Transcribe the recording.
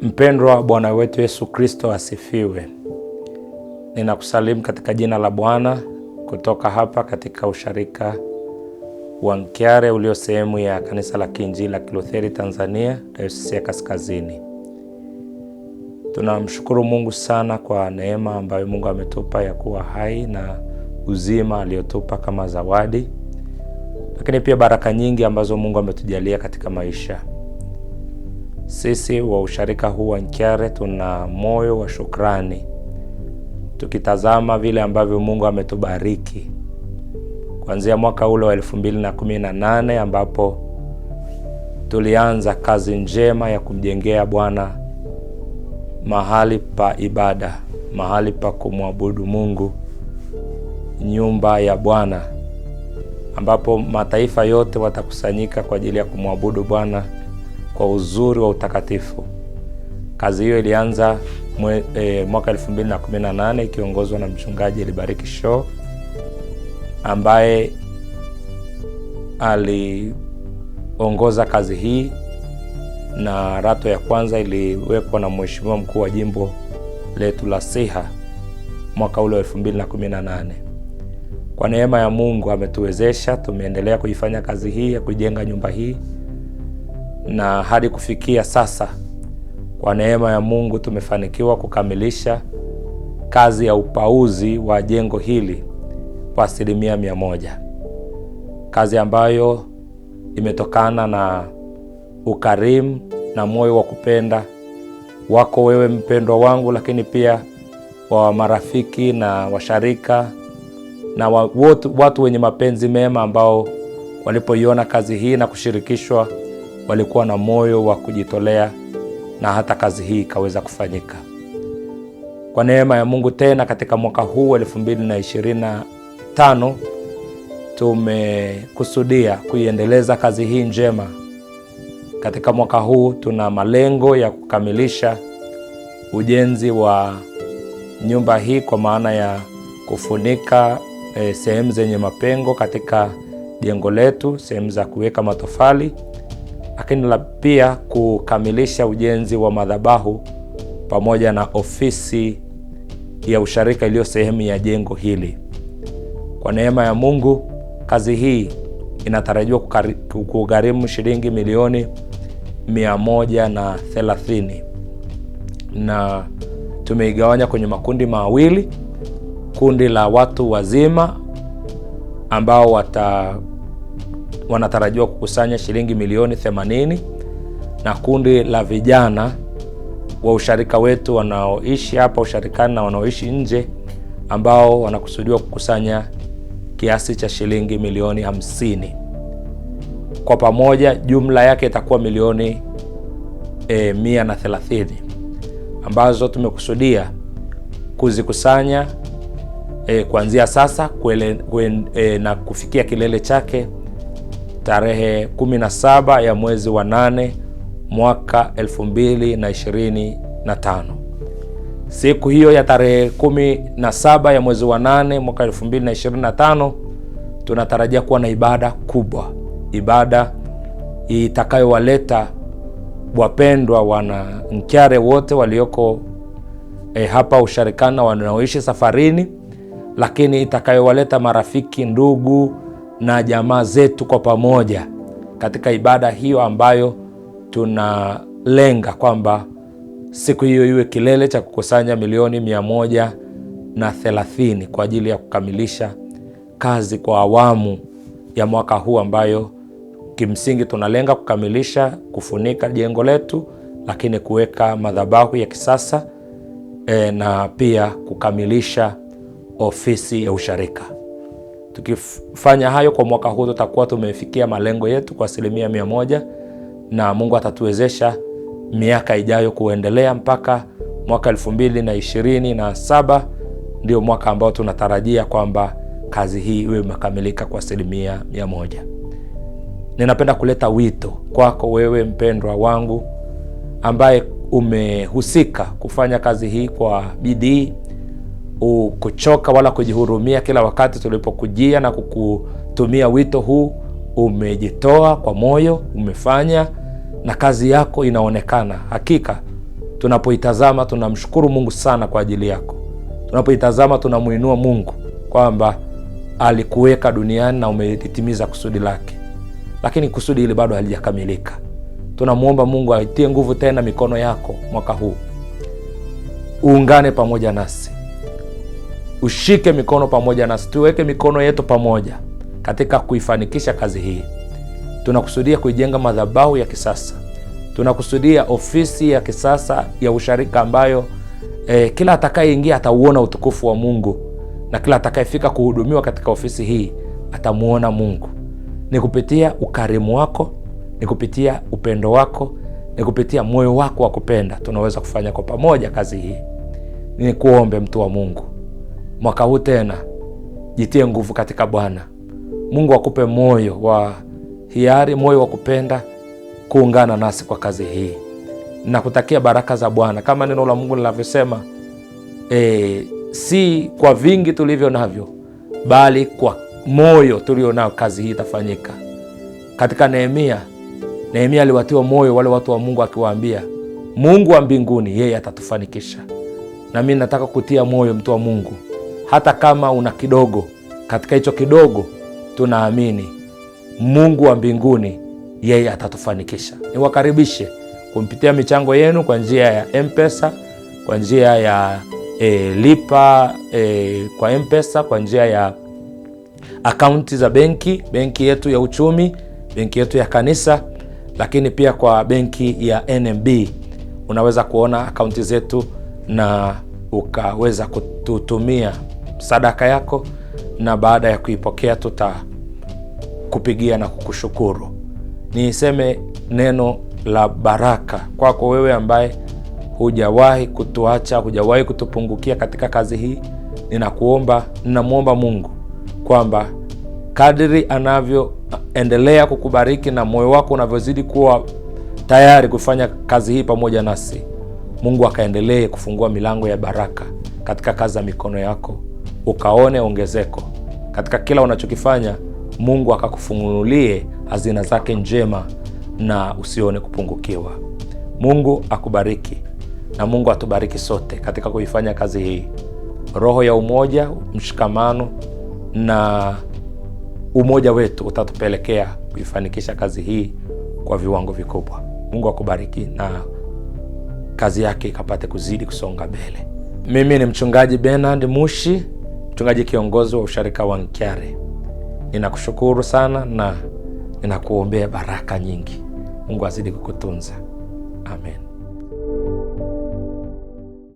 Mpendwa, Bwana wetu Yesu Kristo asifiwe. Ninakusalimu katika jina la Bwana kutoka hapa katika usharika wa nkyare ulio sehemu ya kanisa la Kiinjili la Kilutheri Tanzania, Dayosisi ya Kaskazini. Tunamshukuru Mungu sana kwa neema ambayo Mungu ametupa ya kuwa hai na uzima aliyotupa kama zawadi, lakini pia baraka nyingi ambazo Mungu ametujalia katika maisha sisi wa usharika huu wa Nkyare tuna moyo wa shukrani, tukitazama vile ambavyo Mungu ametubariki kuanzia mwaka ule wa elfu na kumi na ambapo tulianza kazi njema ya kumjengea Bwana mahali pa ibada, mahali pa kumwabudu Mungu, nyumba ya Bwana ambapo mataifa yote watakusanyika kwa ajili ya kumwabudu Bwana kwa uzuri wa utakatifu. Kazi hiyo ilianza mwe, e, mwaka 2018 ikiongozwa na Mchungaji Elibariki Show ambaye aliongoza kazi hii, na rato ya kwanza iliwekwa na mheshimiwa mkuu wa jimbo letu la Siha mwaka ule wa 2018. Kwa neema ya Mungu ametuwezesha, tumeendelea kuifanya kazi hii ya kujenga nyumba hii na hadi kufikia sasa kwa neema ya Mungu tumefanikiwa kukamilisha kazi ya upauzi wa jengo hili kwa asilimia mia moja, kazi ambayo imetokana na ukarimu na moyo wa kupenda wako wewe mpendwa wangu, lakini pia wa marafiki na washarika na watu wenye mapenzi mema ambao walipoiona kazi hii na kushirikishwa walikuwa na moyo wa kujitolea na hata kazi hii ikaweza kufanyika kwa neema ya Mungu. Tena katika mwaka huu elfu 2025 tumekusudia kuiendeleza kazi hii njema. Katika mwaka huu tuna malengo ya kukamilisha ujenzi wa nyumba hii kwa maana ya kufunika e, sehemu zenye mapengo katika jengo letu, sehemu za kuweka matofali lakini la pia kukamilisha ujenzi wa madhabahu pamoja na ofisi ya usharika iliyo sehemu ya jengo hili. Kwa neema ya Mungu, kazi hii inatarajiwa kugharimu shilingi milioni 130 na tumeigawanya kwenye makundi mawili, kundi la watu wazima ambao wata wanatarajiwa kukusanya shilingi milioni 80 na kundi la vijana wa usharika wetu wanaoishi hapa usharikani na wanaoishi nje ambao wanakusudiwa kukusanya kiasi cha shilingi milioni 50. Kwa pamoja jumla yake itakuwa milioni e, 130 ambazo tumekusudia kuzikusanya e, kuanzia sasa kuele, kwen, e, na kufikia kilele chake tarehe 17 ya mwezi wa 8 mwaka 2025. Siku hiyo ya tarehe 17 ya mwezi wa 8 mwaka 2025 tunatarajia kuwa na ibada kubwa, ibada itakayowaleta wapendwa wana Nkyare wote walioko e, hapa usharikana wanaoishi safarini, lakini itakayowaleta marafiki, ndugu na jamaa zetu kwa pamoja katika ibada hiyo ambayo tunalenga kwamba siku hiyo iwe kilele cha kukusanya milioni mia moja na thelathini kwa ajili ya kukamilisha kazi kwa awamu ya mwaka huu ambayo kimsingi tunalenga kukamilisha kufunika jengo letu, lakini kuweka madhabahu ya kisasa e, na pia kukamilisha ofisi ya usharika. Tukifanya hayo kwa mwaka huu, tutakuwa tumefikia malengo yetu kwa asilimia mia moja na Mungu atatuwezesha miaka ijayo kuendelea mpaka mwaka elfu mbili na ishirini na saba ndio mwaka ambao tunatarajia kwamba kazi hii iwe imekamilika kwa asilimia mia moja. Ninapenda kuleta wito kwako wewe mpendwa wangu ambaye umehusika kufanya kazi hii kwa bidii kuchoka wala kujihurumia kila wakati tulipokujia na kukutumia wito huu. Umejitoa kwa moyo, umefanya na kazi yako inaonekana. Hakika tunapoitazama tunamshukuru Mungu sana kwa ajili yako. Tunapoitazama tunamuinua Mungu kwamba alikuweka duniani na umelitimiza kusudi lake, lakini kusudi hili bado halijakamilika. Tunamwomba Mungu aitie nguvu tena mikono yako mwaka huu, uungane pamoja nasi ushike mikono pamoja nasi, tuweke mikono yetu pamoja katika kuifanikisha kazi hii. Tunakusudia kuijenga madhabahu ya kisasa, tunakusudia ofisi ya kisasa ya usharika ambayo eh, kila atakayeingia atauona utukufu wa Mungu na kila atakayefika kuhudumiwa katika ofisi hii atamuona Mungu. Ni kupitia ukarimu wako, ni kupitia upendo wako, ni kupitia moyo wako wa kupenda tunaweza kufanya kwa pamoja kazi hii. kuombe mtu wa Mungu mwaka huu tena, jitie nguvu katika Bwana. Mungu akupe moyo wa hiari, moyo wa kupenda kuungana nasi kwa kazi hii. Nakutakia baraka za Bwana kama neno la Mungu linavyosema, e, si kwa vingi tulivyo navyo, bali kwa moyo tulio nao kazi hii itafanyika. Katika Nehemia, Nehemia aliwatiwa moyo wale watu wa Mungu akiwaambia, Mungu wa mbinguni yeye atatufanikisha. Na mimi nataka kutia moyo mtu wa Mungu hata kama una kidogo. Katika hicho kidogo tunaamini Mungu wa mbinguni yeye atatufanikisha. Niwakaribishe kumpitia michango yenu kwa njia ya mpesa kwa njia ya e, lipa e, kwa mpesa kwa njia ya akaunti za benki, benki yetu ya uchumi, benki yetu ya kanisa, lakini pia kwa benki ya NMB. Unaweza kuona akaunti zetu na ukaweza kututumia sadaka yako, na baada ya kuipokea tutakupigia na kukushukuru. niseme neno la baraka kwako, wewe ambaye hujawahi kutuacha, hujawahi kutupungukia katika kazi hii. Ninakuomba, ninamwomba Mungu kwamba kadri anavyoendelea kukubariki na moyo wako unavyozidi kuwa tayari kufanya kazi hii pamoja nasi, Mungu akaendelee kufungua milango ya baraka katika kazi za mikono yako ukaone ongezeko katika kila unachokifanya, Mungu akakufunulie hazina zake njema na usione kupungukiwa. Mungu akubariki na Mungu atubariki sote katika kuifanya kazi hii. Roho ya umoja, mshikamano na umoja wetu utatupelekea kuifanikisha kazi hii kwa viwango vikubwa. Mungu akubariki na kazi yake ikapate kuzidi kusonga mbele. Mimi ni mchungaji Bernard Mushi mchungaji kiongozi wa usharika wa Nkyare, ninakushukuru sana na ninakuombea baraka nyingi. Mungu azidi kukutunza. Amen.